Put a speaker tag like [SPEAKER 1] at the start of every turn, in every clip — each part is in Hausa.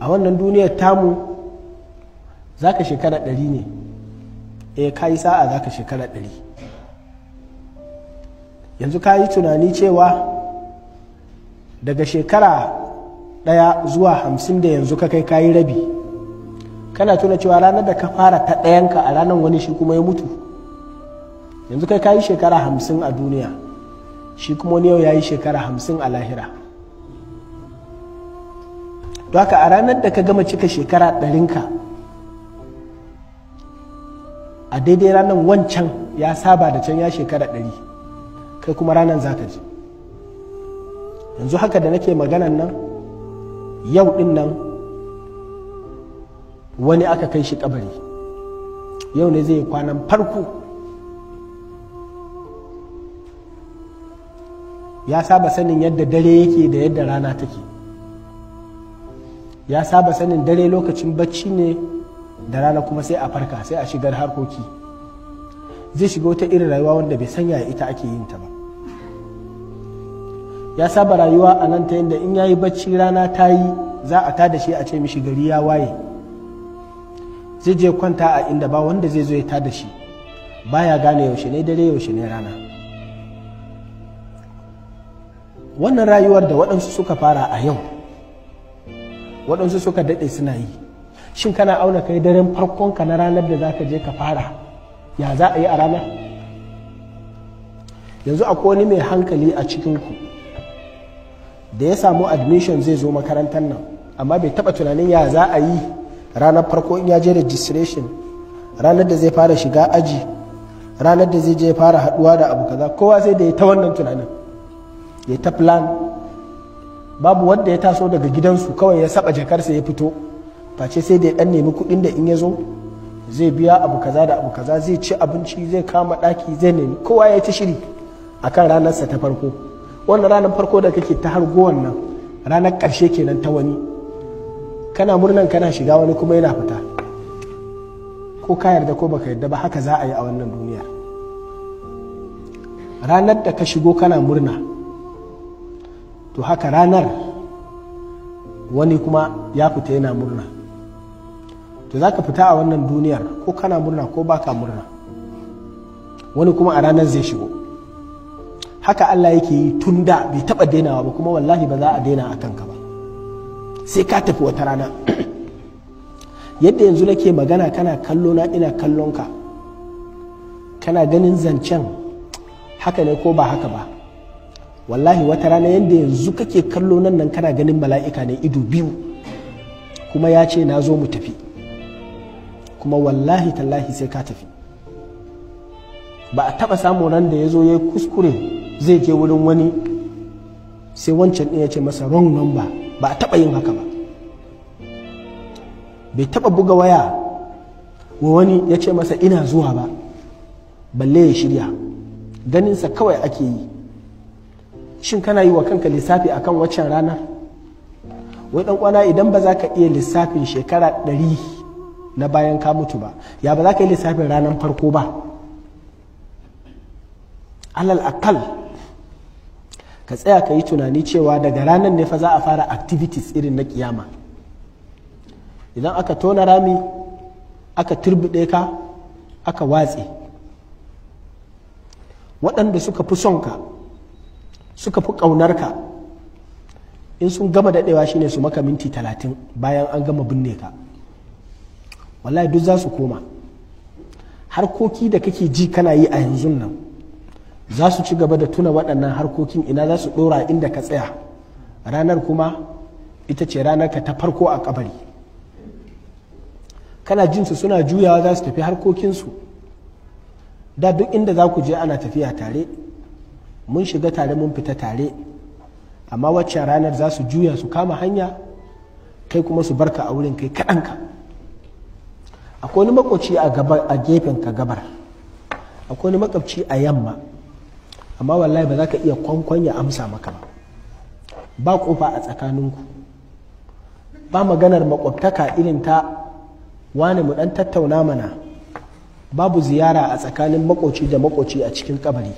[SPEAKER 1] a wannan duniyar tamu za ka shekara ɗari ne e ka yi sa'a za ka shekara ɗari yanzu ka yi tunani cewa daga shekara ɗaya zuwa hamsin da yanzu ka kai kayi rabi kana tuna cewa ranar da ka fara ta ɗayanka a ranar wani shi kuma ya mutu yanzu kai kayi shekara hamsin a duniya shi kuma wani yau ya yi shekara hamsin a lahira to haka a ranar da ka gama cika shekara ɗarinka a daidai ranar wancan ya saba da can ya shekara ɗari kai kuma ranar za ka ji yanzu haka da nake maganan nan yau ɗin nan wani aka kai shi ƙabari yau ne zai yi kwanan farko ya saba sanin yadda dare yake da yadda rana take ya saba sanin dare lokacin bacci ne da rana kuma sai a farka sai a shigar harkoki zai shiga wata irin rayuwa wanda bai sanya ita ake yin ta ba ya saba rayuwa a nan ta yadda in ya yi bacci rana ta yi za a tada shi a ce mishi gari ya waye zai je kwanta a inda ba wanda zai zo ya tada shi baya gane yaushe ne dare yaushe ne rana wannan rayuwar da waɗansu suka fara a yau waɗansu suka daɗe suna yi shin kana auna kai daren farkon ka na ranar da zaka je ka fara ya za a yi a ranar yanzu akwai wani mai hankali a cikinku da ya samu admission zai zo makarantar nan amma bai taɓa tunanin ya za a yi ranar farko in ya je registration ranar da zai fara shiga aji ranar da zai je fara haɗuwa da abu kaza kowa sai da ya ta wannan tunanin ya ta plan babu wanda ya taso daga gidansu kawai ya saba jakarsa ya fito face sai da ya dan nemi kuɗin da in ya zo zai biya abu kaza da abu kaza zai ci abinci zai kama ɗaki zai nemi kowa ya ci shiri akan ranarsa ta farko wannan ranar farko da kake ta hargo wannan ranar karshe kenan ta wani kana murnan kana shiga wani kuma yana fita ko ka yarda ko baka yarda ba haka za a yi a wannan duniyar ranar da ka shigo kana murna to haka ranar wani kuma ya fita yana murna to za ka fita a wannan duniyar ko kana murna ko baka murna wani kuma a ranar zai shigo haka Allah yake yi tun da bai taɓa dainawa ba kuma wallahi ba za a daina a kanka ba sai ka tafi wata rana yadda yanzu nake magana kana kallo na ina kallon ka kana ganin zancen haka ne ko ba haka ba wallahi wata rana yadda yanzu kake kallo nan nan kana ganin mala'ika ne ido biyu kuma ya ce na zo mu tafi kuma wallahi tallahi sai ka tafi ba a taba samun ran da ya zo ya kuskure zai je wurin wani sai wancan ɗin ya ce masa wrong number ba a taba yin haka ba bai taba buga waya wa wani ya ce masa ina zuwa ba balle ya shirya ganinsa kawai ake yi shin kana yi wa kanka lissafi a kan waccan rana. wai dan kwana idan ba za ka iya lissafin shekara ɗari na bayan ka mutu ba ya ba za ka yi lissafin ranar farko ba alal akal ka tsaya ka yi tunani cewa daga ranar ne fa za a fara activities irin na kiyama idan aka tona rami aka turbide ka aka watse waɗanda suka fi son ka suka fi ƙaunarka in sun gama daɗewa shine su maka minti talatin bayan an gama binne ka wallahi duk za su koma harkoki da kake ji kana yi a yanzu nan za su ci gaba da tuna waɗannan harkokin ina za su ɗora inda ka tsaya ranar kuma ita ce ranar ka ta farko a ƙabari kana su suna juyawa za su tafi harkokinsu da duk inda za ku je ana tafiya tare mun shiga tare mun fita tare amma waccan ranar za su juya su kama hanya kai kuma su barka a wurin kai kaɗan kaɗanka akwai wani makwaci a gefen ka gabar akwai wani makwabci a yamma amma wallahi ba za ka iya kwankwan ya amsa maka ba ba kofa a tsakaninku ba maganar makwabtaka irin ta wane mu dan tattauna mana babu ziyara a tsakanin makoci da makoci a cikin kabari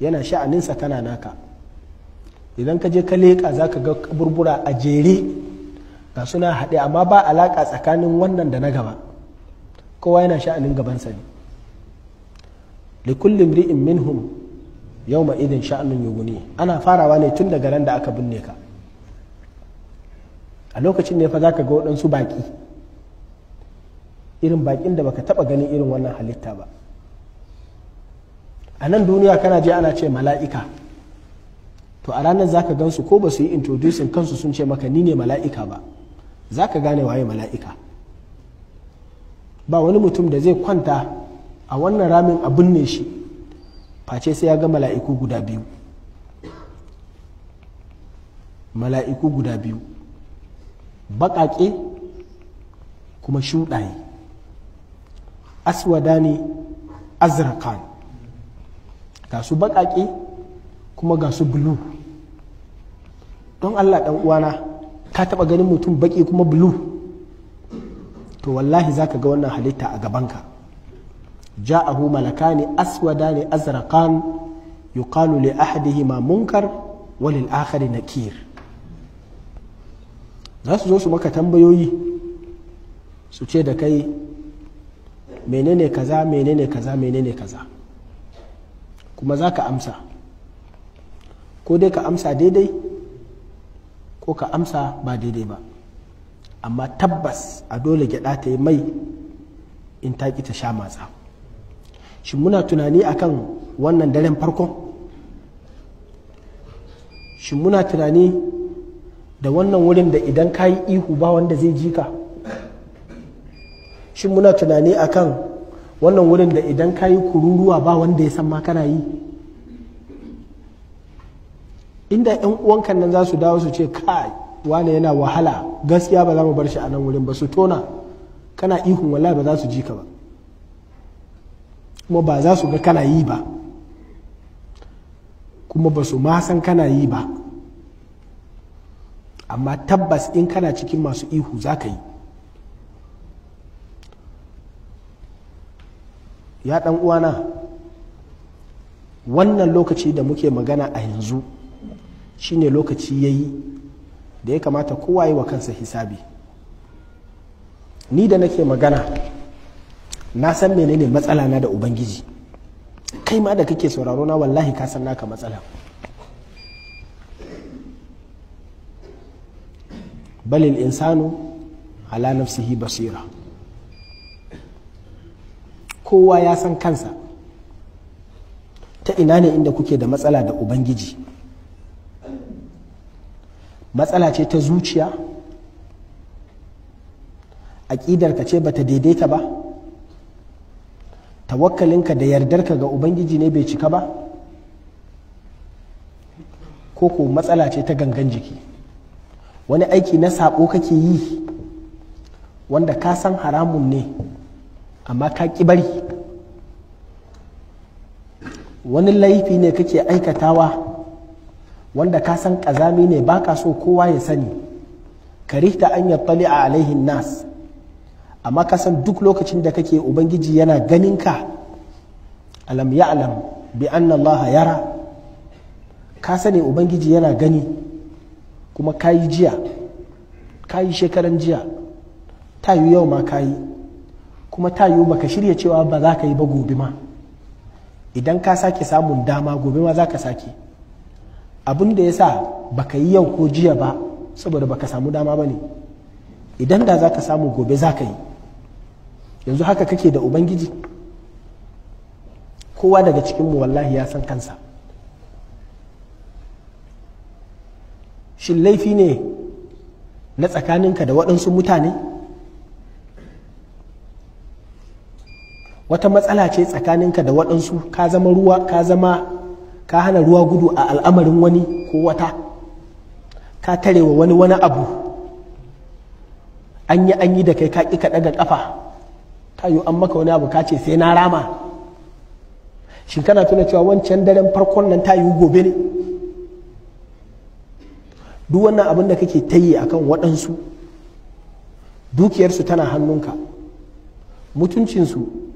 [SPEAKER 1] yana sha'aninsa kana naka idan ka je ka leƙa za ka ga kaburbura a jere ga suna haɗe amma ba alaƙa tsakanin wannan da na gaba kowa yana sha'anin gabansa ne likullin ri'in minhum yau ma idin sha'anin yuguni ana farawa ne tun daga ran da aka binne ka a lokacin ne fa za ka ga waɗansu baƙi irin baƙin da baka taɓa ganin irin wannan halitta ba a nan duniya kana je ana ce mala'ika to a ranar zaka gansu ko ba su yi introducing kansu sun ce maka ni ne mala'ika ba zaka gane waye mala'ika ba wani mutum da zai kwanta a wannan ramin abin binne shi face sai ya ga mala'iku guda biyu mala'iku guda biyu baƙaƙe kuma shuɗaye aswadani azrakan ga su baƙaƙe kuma ga su bulu don allah ɗan uwana ka taɓa ganin mutum baƙi kuma bulu to wallahi za ka ga wannan halitta a gabanka ja'ahu malakani aswadani azraqan yuqalu li ahadihima munkar wa lil akhari nakir za su zo su maka tambayoyi su ce da kai menene kaza menene kaza menene kaza kuma za ka amsa ko dai ka amsa daidai ko ka amsa ba daidai ba amma tabbas a dole gyada ta yi mai in ta ki ta sha matsa shi muna tunani a kan wannan daren farko shi muna tunani da wannan wurin da idan ka yi ihu ba wanda zai ji ka shi muna tunani a kan. wannan wurin da idan ka yi kururuwa ba wanda ya san ma kana yi inda yan uwankan nan za su dawo su ce kai wane yana wahala gaskiya ba za mu bar shi a nan wurin ba su tona kana ihun wallahi ba za su ji ka ba kuma ba za su ga kana yi ba kuma ba su ma san kana yi ba amma tabbas in kana cikin masu ihu za ka yi ya ɗan uwana wannan lokaci da muke magana a yanzu shine lokaci ya yi da ya kamata kowa yi wa kansa hisabi ni da nake magana na san menene matsala na da ubangiji kai ma da kake sauraro na wallahi ka san naka matsala balil insanu ala nafsihi basira kowa ya san kansa ta ina ne inda kuke da matsala da ubangiji matsala ce ta zuciya ka ce bata daidaita ba tawakkalinka da yardarka ga ubangiji ne bai cika ba ko ko matsala ce ta gangan jiki wani aiki na saɓo kake yi wanda ka san haramun ne amma ka ƙi bari wani laifi ne kake aikatawa wanda ka san ƙazami ne baka so kowa ya sani karihta an yattali a alaihin nas amma ka san duk lokacin da kake ubangiji yana ganinka alam alam bi anna allaha yara ka sani ubangiji yana gani kuma ka yi jiya ka yi shekaran jiya ta yi yau ma ka yi. kuma ta yiwu baka shirya cewa ba za ka yi ba gobe ma idan ka sake samun dama gobe ma za ka sake abin da ya sa baka yi yau ko jiya ba saboda baka samu dama ba ne idan da za ka samu gobe za ka yi yanzu haka kake da ubangiji kowa daga cikinmu wallahi ya san kansa shin laifi ne na tsakaninka da waɗansu mutane wata matsala ce tsakanin ka da waɗansu ka zama ruwa ka zama ka hana ruwa gudu a al'amarin wani ko wata ka tarewa wani wani abu an yi an yi da kai ka ƙi ka ɗaga ƙafa ta yi an maka wani abu ka ce sai na rama shin kana tuna cewa wancan daren farkon nan ta yi gobe ne duk wannan abin da kake ta yi akan waɗansu dukiyarsu tana hannunka mutuncinsu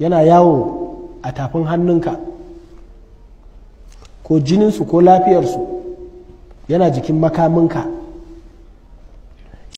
[SPEAKER 1] yana yawo a tafin hannunka ko jininsu ko lafiyarsu yana jikin makaminka